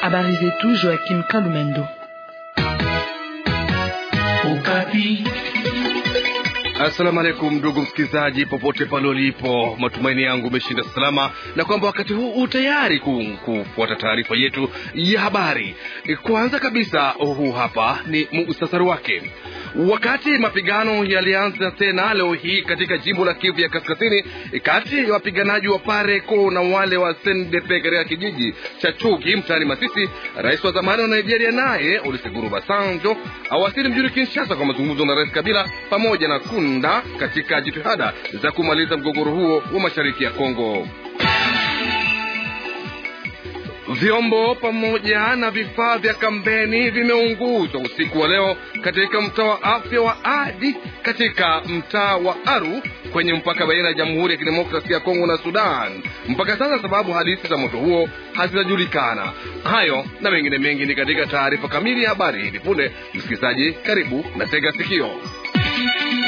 Habari zetu Joakim Kalumendo. Okapi. Assalamu alaikum ndugu msikilizaji, popote pale ulipo, matumaini yangu umeshinda salama na kwamba wakati huu u tayari kufuata taarifa yetu ya habari. Kwanza kabisa, huu hapa ni muhtasari wake. Wakati mapigano yalianza tena leo hii katika jimbo la Kivu ya Kaskazini kati ya wapiganaji wa Pareko na wale wa SNDP katika kijiji cha chuki mtaani Masisi, rais wa zamani wa Nigeria naye Olusegun Obasanjo awasili mjini Kinshasa kwa mazungumzo na rais Kabila pamoja na kundi Rwanda katika jitihada za kumaliza mgogoro huo wa mashariki ya Kongo. Vyombo pamoja na vifaa vya kampeni vimeunguzwa usiku wa leo katika mtaa wa afya wa Adi katika mtaa wa Aru kwenye mpaka baina ya Jamhuri ya Kidemokrasia ya Kongo na Sudan. Mpaka sasa sababu halisi za moto huo hazijajulikana. Hayo na mengine mengi ni katika taarifa kamili ya habari hivi punde. Msikilizaji, karibu na tega sikio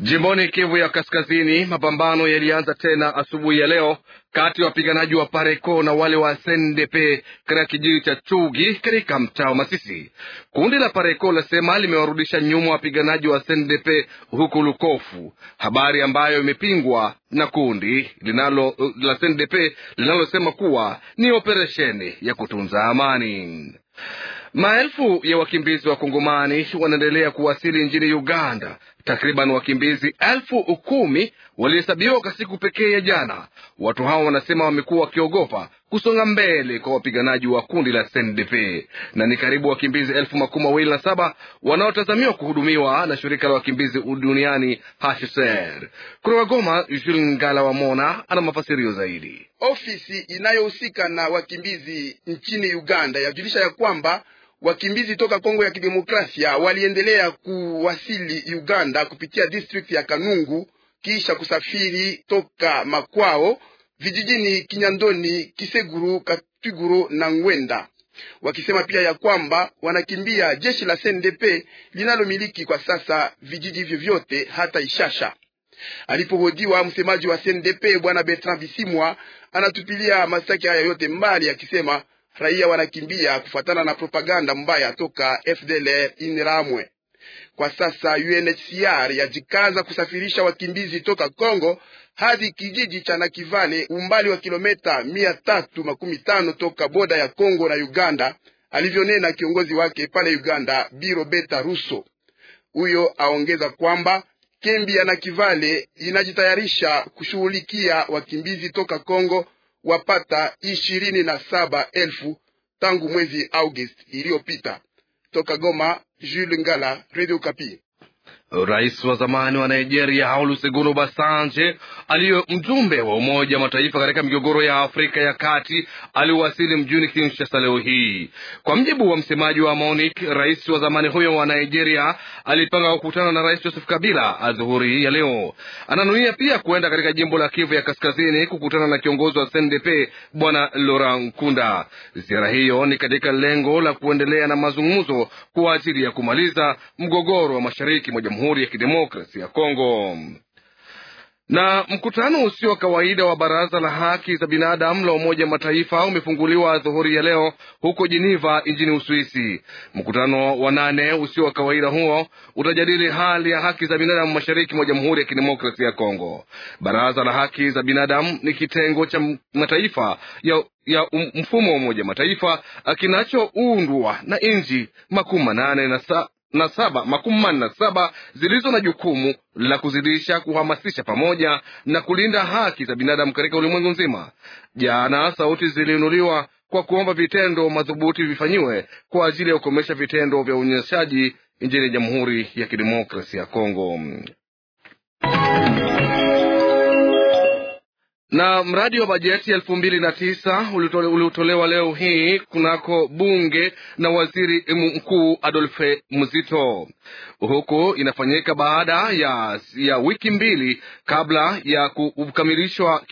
Jimboni Kivu ya Kaskazini, mapambano yalianza tena asubuhi ya leo kati ya wapiganaji wa Pareko na wale wa SNDP katika kijiji cha Chugi katika mtaa wa Masisi. Kundi la Pareko lasema limewarudisha nyuma wapiganaji wa SNDP huku Lukofu, habari ambayo imepingwa na kundi linalo la SNDP linalosema kuwa ni operesheni ya kutunza amani. Maelfu ya wakimbizi wa Kongomani wanaendelea kuwasili nchini Uganda Takriban wakimbizi elfu kumi walihesabiwa kwa siku pekee ya jana. Watu hao wanasema wamekuwa wakiogopa kusonga mbele kwa wapiganaji wa kundi la SNDP na ni karibu wakimbizi elfu makumi mawili na saba wanaotazamiwa kuhudumiwa na shirika la wakimbizi duniani HCR. Kutoka Goma, Jules Ngala wa Mona ana mafasirio zaidi. Ofisi inayohusika na wakimbizi nchini Uganda yajulisha ya kwamba Wakimbizi toka Kongo ya Kidemokrasia waliendelea kuwasili Uganda kupitia district ya Kanungu kisha kusafiri toka makwao vijijini Kinyandoni, Kiseguru, katiguru na Ngwenda, wakisema pia ya kwamba wanakimbia jeshi la CNDP linalomiliki kwa sasa vijiji vyovyote hata Ishasha. Alipohojiwa, msemaji wa CNDP Bwana Bertrand Bisimwa anatupilia mashtaka haya yote mbali akisema raia wanakimbia kufuatana na propaganda mbaya toka FDLR inramwe Kwa sasa UNHCR yajikaza kusafirisha wakimbizi toka Kongo hadi kijiji cha Nakivale, umbali wa kilometa mia tatu makumi tano toka boda ya Kongo na Uganda, alivyonena kiongozi wake pale Uganda birobeta Russo. Huyo aongeza kwamba kembi ya Nakivale inajitayarisha kushughulikia wakimbizi toka Kongo wapata ishirini na saba elfu tangu mwezi August iliyopita. Toka Goma, Jules Ngala, Radio Kapi. Rais wa zamani wa Nigeria Olusegun Obasanjo aliyo mjumbe wa Umoja wa Mataifa katika migogoro ya Afrika ya Kati aliwasili mjini Kinshasa leo hii. Kwa mjibu wa msemaji wa MONUC, rais wa zamani huyo wa Nigeria alipanga kukutana na Rais Joseph Kabila adhuhuri hii ya leo. Ananuia pia kuenda katika jimbo la Kivu ya Kaskazini kukutana na kiongozi wa CNDP Bwana Laurent Nkunda. Ziara hiyo ni katika lengo la kuendelea na mazungumzo kwa ajili ya kumaliza mgogoro wa mashariki mwa jamhuri Jamhuri ya Kidemokrasia ya Kongo. Na mkutano usio wa kawaida wa Baraza la Haki za Binadamu la Umoja wa Mataifa umefunguliwa dhuhuri ya leo huko jeniva nchini Uswisi. Mkutano wa nane usio wa kawaida huo utajadili hali ya haki za binadamu mashariki mwa Jamhuri ya Kidemokrasia ya Kongo. Baraza la Haki za Binadamu ni kitengo cha mataifa ya, ya um, mfumo wa Umoja Mataifa kinachoundwa na nchi makumi manane na, saa na saba makumi manne na saba zilizo na jukumu la kuzidisha, kuhamasisha pamoja na kulinda haki za binadamu katika ulimwengu nzima. Jana sauti ziliinuliwa kwa kuomba vitendo madhubuti vifanyiwe kwa ajili ya kukomesha vitendo vya unyanyasaji nchini Jamhuri ya Kidemokrasia ya Kongo. Na mradi wa bajeti elfu mbili na tisa uliotolewa leo hii kunako bunge na waziri mkuu Adolfe Muzito, huku inafanyika baada ya, ya wiki mbili kabla ya kukamilishwa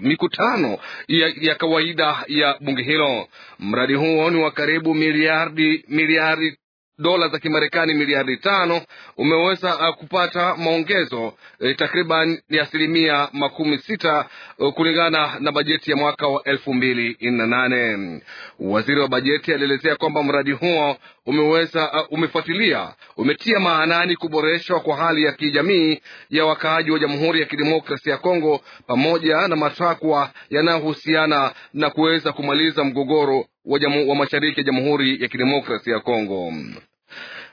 mikutano ya, ya kawaida ya bunge hilo. Mradi huo ni wa karibu miliardi miliardi dola za Kimarekani miliardi tano umeweza uh, kupata maongezo e, takriban ya asilimia makumi sita uh, kulingana na bajeti ya mwaka wa elfu mbili na nane. Waziri wa bajeti alielezea kwamba mradi huo umeweza uh, umefuatilia umetia maanani kuboreshwa kwa hali ya kijamii ya wakaaji wa Jamhuri ya Kidemokrasia ya Kongo pamoja na matakwa yanayohusiana na kuweza kumaliza mgogoro wa, jamu, wa mashariki ya Jamhuri ya Kidemokrasia ya Kongo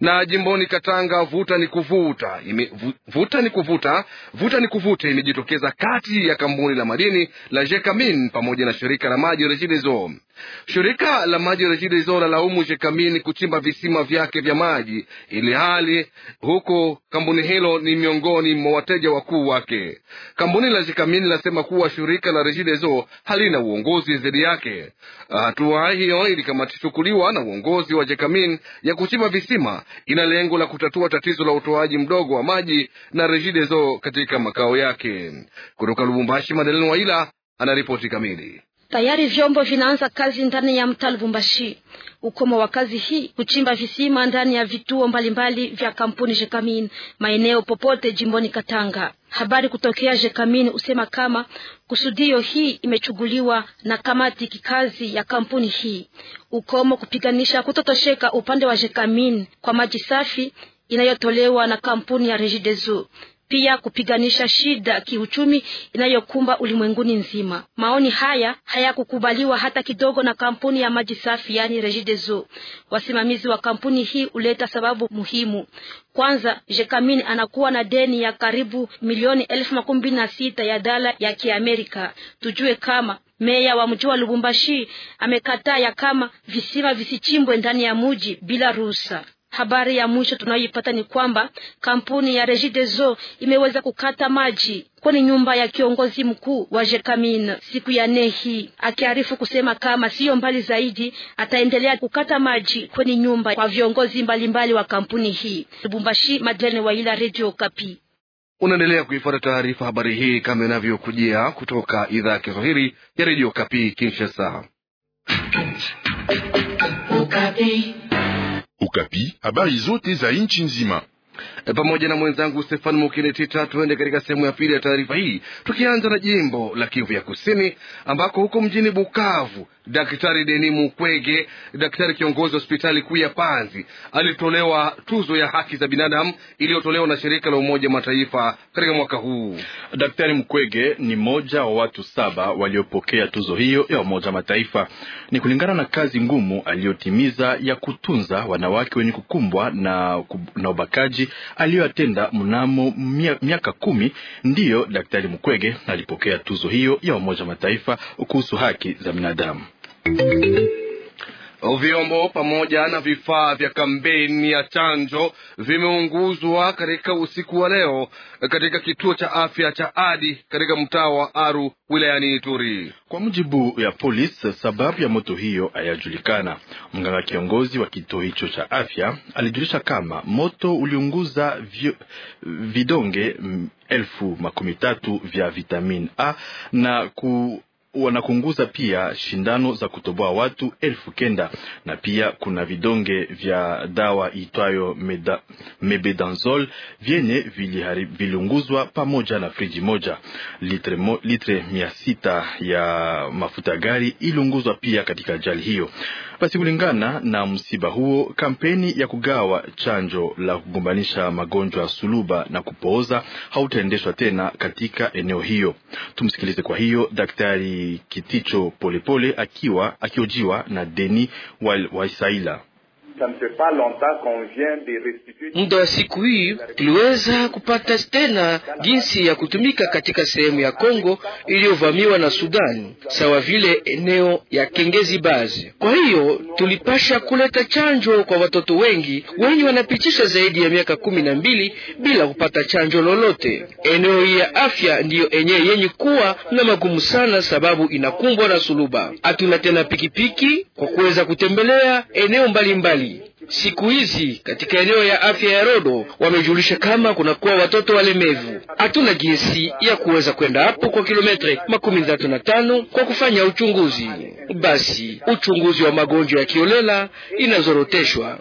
na jimboni Katanga, vuta ni kuvuta ime, vuta ni kuvuta vuta ni kuvuta imejitokeza kati ya kampuni la madini la Jekamin pamoja na shirika la maji Regideso. Shirika la maji REGIDESO lalaumu Jekamini kuchimba visima vyake vya maji, ili hali huko kampuni hilo ni miongoni mwa wateja wakuu wake. Kampuni la Jekamini linasema kuwa shirika la REGIDESO halina uongozi dhidi yake. Hatua hiyo ilikamachukuliwa na uongozi wa Jekamini ya kuchimba visima ina lengo la kutatua tatizo la utoaji mdogo wa maji na REGIDESO katika makao yake. Kutoka Lubumbashi, Madeleine Waila anaripoti kamili. Tayari vyombo vinaanza kazi ndani ya mtaa Lubumbashi. Ukomo wa kazi hii kuchimba visima ndani ya vituo mbalimbali vya kampuni Jekamin maeneo popote jimboni Katanga. Habari kutokea Jekamin husema kama kusudio hii imechuguliwa na kamati kikazi ya kampuni hii. Ukomo kupiganisha kutotosheka upande wa Jekamin kwa maji safi inayotolewa na kampuni ya Regideso pia kupiganisha shida kiuchumi inayokumba ulimwenguni nzima. Maoni haya hayakukubaliwa hata kidogo na kampuni ya maji safi yani Regideso. Wasimamizi wa kampuni hii huleta sababu muhimu. Kwanza, Jekamin anakuwa na deni ya karibu milioni elfu makumi mbili na sita ya dala ya Kiamerika. Tujue kama meya wa mji wa Lubumbashi amekataa ya kama visima visichimbwe ndani ya muji bila ruhusa. Habari ya mwisho tunayoipata ni kwamba kampuni ya Regideso imeweza kukata maji kwenye nyumba ya kiongozi mkuu wa Jekamin siku ya nne hii, akiarifu kusema kama siyo mbali zaidi ataendelea kukata maji kwenye nyumba kwa viongozi mbalimbali mbali wa kampuni hii. Lubumbashi, Madeleine Waila, Radio Kapi. Unaendelea kuifuata taarifa habari hii kama inavyokujia kutoka idhaa ya Kiswahili ya Radio Kapi Kinshasa. Ukapi, habari zote za nchi nzima e, pamoja na mwenzangu Stefan Mukinetita. Tuende katika sehemu ya pili ya taarifa hii, tukianza na jimbo la Kivu ya Kusini, ambako huko mjini Bukavu Daktari Deni Mukwege, daktari kiongozi wa hospitali kuu ya Panzi, alitolewa tuzo ya haki za binadamu iliyotolewa na shirika la Umoja Mataifa katika mwaka huu. Daktari Mukwege ni mmoja wa watu saba waliopokea tuzo hiyo ya Umoja Mataifa. Ni kulingana na kazi ngumu aliyotimiza ya kutunza wanawake wenye kukumbwa na, na ubakaji aliyoyatenda mnamo miaka kumi. Ndiyo Daktari Mukwege alipokea tuzo hiyo ya Umoja Mataifa kuhusu haki za binadamu. Vyombo pamoja na vifaa vya kampeni ya chanjo vimeunguzwa katika usiku wa leo katika kituo cha afya cha Adi katika mtaa wa Aru wilayani Ituri. Kwa mujibu ya polisi, sababu ya moto hiyo hayajulikana. Mganga kiongozi wa kituo hicho cha afya alijulisha kama moto uliunguza vyo, vidonge elfu makumi tatu vya vitamin A na ku wanakunguza pia shindano za kutoboa watu elfu kenda na pia kuna vidonge vya dawa itwayo mebedanzol vyenye viliunguzwa pamoja na friji moja. Litre, mo, litre mia sita ya mafuta gari iliunguzwa pia katika ajali hiyo. Basi kulingana na msiba huo, kampeni ya kugawa chanjo la kugombanisha magonjwa ya suluba na kupooza hautaendeshwa tena katika eneo hiyo. Tumsikilize kwa hiyo Daktari Kiticho Polepole akiwa akiojiwa na Deni Waisaila. Muda wa siku hii tuliweza kupata tena jinsi ya kutumika katika sehemu ya Kongo iliyovamiwa na Sudani, sawa vile eneo ya Kengezi Bazi. Kwa hiyo tulipasha kuleta chanjo kwa watoto wengi wenye wanapitisha zaidi ya miaka kumi na mbili bila kupata chanjo lolote. Eneo hii ya afya ndiyo enye yenye kuwa na magumu sana, sababu inakumbwa na suluba. Hatuna tena pikipiki kwa kuweza kutembelea eneo mbalimbali mbali. Siku hizi katika eneo ya afya ya rodo wamejulisha kama kunakuwa watoto walemevu Hatuna jinsi ya kuweza kwenda hapo kwa kilometre makumi tatu na tano kwa kufanya uchunguzi. Basi uchunguzi wa magonjwa ya kiolela inazoroteshwa.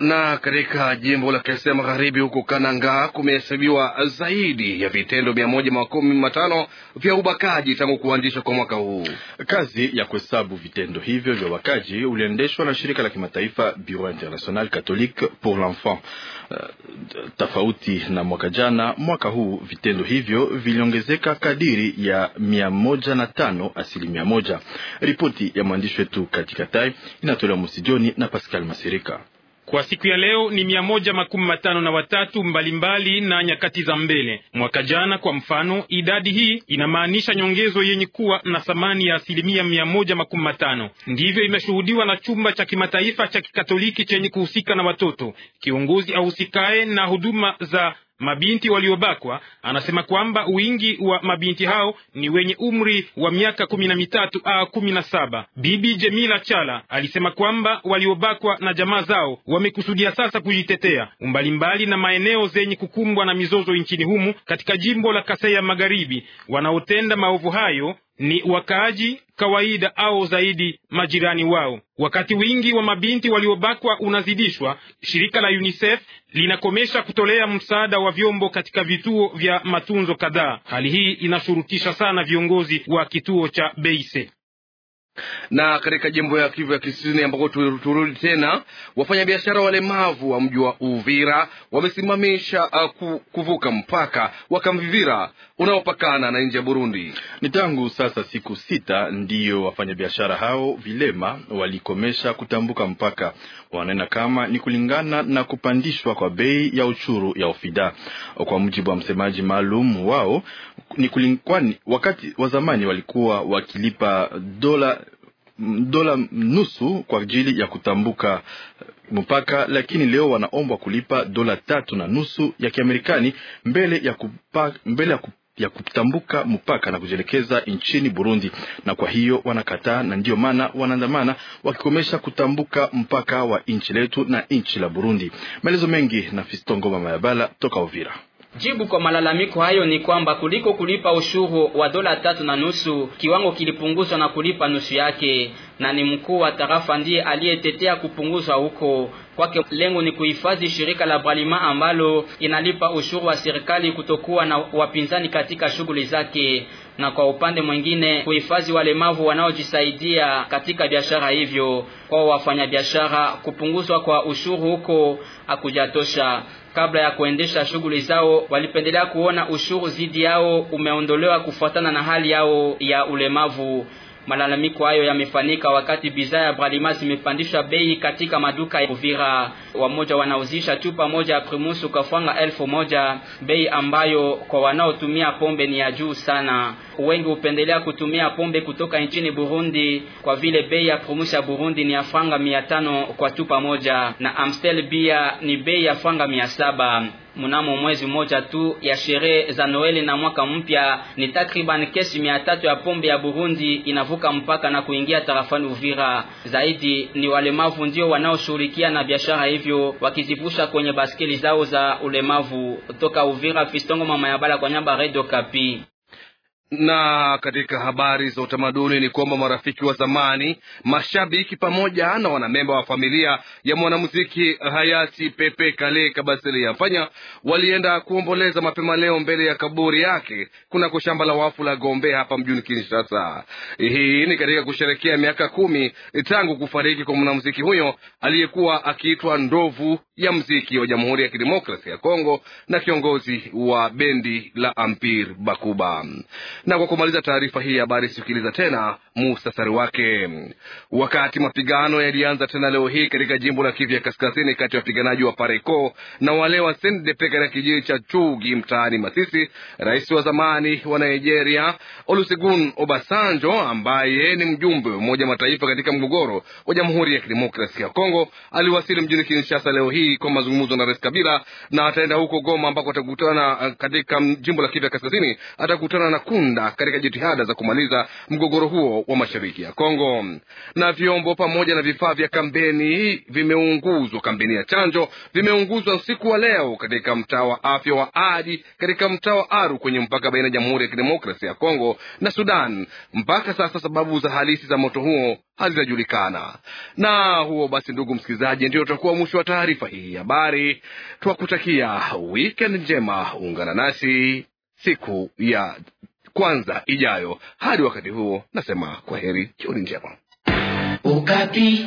Na katika jimbo la Kasea Magharibi huko Kananga kumehesabiwa zaidi ya vitendo mia moja makumi matano vya ubakaji tangu kuanzishwa kwa mwaka huu. Kazi ya kuhesabu vitendo hivyo vya ubakaji uliendeshwa na shirika la kimataifa Bureau International Catholique pour l'Enfant. Uh, tofauti na mwaka jana, mwaka huu vitendo hivyo viliongezeka kadiri ya mia moja na tano asilimia moja. Ripoti ya mwandishi wetu katika Tai inatolewa msijoni na Pascal Masirika. Kwa siku ya leo ni mia moja makumi matano na watatu mbalimbali mbali na nyakati za mbele. Mwaka jana kwa mfano, idadi hii inamaanisha nyongezo yenye kuwa na thamani ya asilimia mia moja makumi matano. Ndivyo imeshuhudiwa na chumba cha kimataifa cha kikatoliki chenye kuhusika na watoto. Kiongozi ahusikaye na huduma za mabinti waliobakwa. Anasema kwamba wingi wa mabinti hao ni wenye umri wa miaka kumi na mitatu au kumi na saba. Bibi Jemila Chala alisema kwamba waliobakwa na jamaa zao wamekusudia sasa kujitetea umbalimbali na maeneo zenye kukumbwa na mizozo nchini humu katika jimbo la Kasai ya Magharibi. Wanaotenda maovu hayo ni wakaaji kawaida au zaidi majirani wao. Wakati wingi wa mabinti waliobakwa unazidishwa, shirika la UNICEF linakomesha kutolea msaada wa vyombo katika vituo vya matunzo kadhaa. Hali hii inashurutisha sana viongozi wa kituo cha Beise. Na katika jimbo ya Kivu ya Kusini ambako turudi tena, wafanyabiashara walemavu wa mji wa Uvira wamesimamisha uh, ku, kuvuka mpaka wa Kamvivira unaopakana na nchi ya Burundi. Ni tangu sasa siku sita ndiyo wafanyabiashara hao vilema walikomesha kutambuka mpaka. Wananena kama ni kulingana na kupandishwa kwa bei ya ushuru ya ofida. Kwa mujibu wa msemaji maalum wao ni kulingani, wakati wa zamani walikuwa wakilipa dola dola nusu kwa ajili ya kutambuka eh, mpaka, lakini leo wanaombwa kulipa dola tatu na nusu ya Kiamerikani mbele ya kupa, mbele ya kupa ya kutambuka mpaka na kujielekeza nchini Burundi, na kwa hiyo wanakataa, na ndiyo maana wanaandamana wakikomesha kutambuka mpaka wa nchi letu na nchi la Burundi. Maelezo mengi na Fistongo Mama Yabala toka Uvira. Jibu kwa malalamiko hayo ni kwamba kuliko kulipa ushuru wa dola tatu na nusu, kiwango kilipunguzwa na kulipa nusu yake, na ni mkuu wa tarafa ndiye aliyetetea kupunguzwa huko. Kwake lengo ni kuhifadhi shirika la Bralima ambalo inalipa ushuru wa serikali kutokuwa na wapinzani katika shughuli zake, na kwa upande mwingine kuhifadhi walemavu wanaojisaidia katika biashara hivyo. Kwa wafanyabiashara, kupunguzwa kwa ushuru huko hakujatosha kabla ya kuendesha shughuli zao, walipendelea kuona ushuru zidi yao umeondolewa kufuatana na hali yao ya ulemavu. Malalamiko hayo yamefanyika wakati bidhaa ya Bralimas imepandisha bei katika maduka ya Uvira. Wamoja wanauzisha chupa moja ya Primus kwa franga elfu moja, bei ambayo kwa wanaotumia pombe ni ya juu sana. Wengi hupendelea kutumia pombe kutoka nchini Burundi kwa vile bei ya Primus ya Burundi ni ya franga mia tano kwa chupa moja na Amstel bia ni bei ya franga mia saba mnamo mwezi mmoja tu ya sherehe za Noeli na mwaka mpya, ni takriban kesi mia tatu ya pombe ya Burundi inavuka mpaka na kuingia tarafani Uvira. Zaidi ni walemavu ndio wanaoshughulikia na biashara hivyo, wakizivusha kwenye baskeli zao za ulemavu. Toka Uvira, Fistongo mama ya bala kwa nyamba, Radio Kapi. Na katika habari za utamaduni ni kwamba marafiki wa zamani, mashabiki pamoja na wanamemba wa familia ya mwanamuziki hayati Pepe Kale Kabasele Yampanya walienda kuomboleza mapema leo mbele ya kaburi yake kunako shamba la wafu la Gombe hapa mjini Kinshasa. Hii ni katika kusherekea miaka kumi tangu kufariki kwa mwanamuziki huyo aliyekuwa akiitwa ndovu ya mziki wa Jamhuri ya Kidemokrasia ya Kongo na kiongozi wa bendi la Ampir Bakuba. Na kwa kumaliza taarifa hii habari, sikiliza tena muhtasari wake. Wakati mapigano yalianza tena leo hii katika jimbo la Kivu ya Kaskazini kati ya wapiganaji wa Pareco na wale wa SNDP katika kijiji cha Chugi mtaani Masisi, rais wa zamani wa Nigeria Olusegun Obasanjo ambaye ni mjumbe wa Umoja Mataifa katika mgogoro wa Jamhuri ya Kidemokrasia ya Kongo aliwasili mjini Kinshasa leo hii kwa mazungumzo na Rais Kabila na ataenda huko Goma ambako atakutana eh, katika jimbo la Kivu ya Kaskazini atakutana na kundi Rwanda katika jitihada za kumaliza mgogoro huo wa mashariki ya Kongo. Na vyombo pamoja na vifaa vya kampeni hii vimeunguzwa, kampeni ya chanjo vimeunguzwa usiku wa leo katika mtaa wa afya wa Adi katika mtaa wa Aru kwenye mpaka baina ya Jamhuri ya Kidemokrasia ya Kongo na Sudan. Mpaka sasa sababu za halisi za moto huo hazijajulikana. Na huo basi, ndugu msikilizaji, ndio utakuwa mwisho wa taarifa hii habari. Twakutakia wikendi njema, ungana nasi siku ya kwanza ijayo. Hadi wakati huo, nasema kwa heri, jioni njema. Ukati.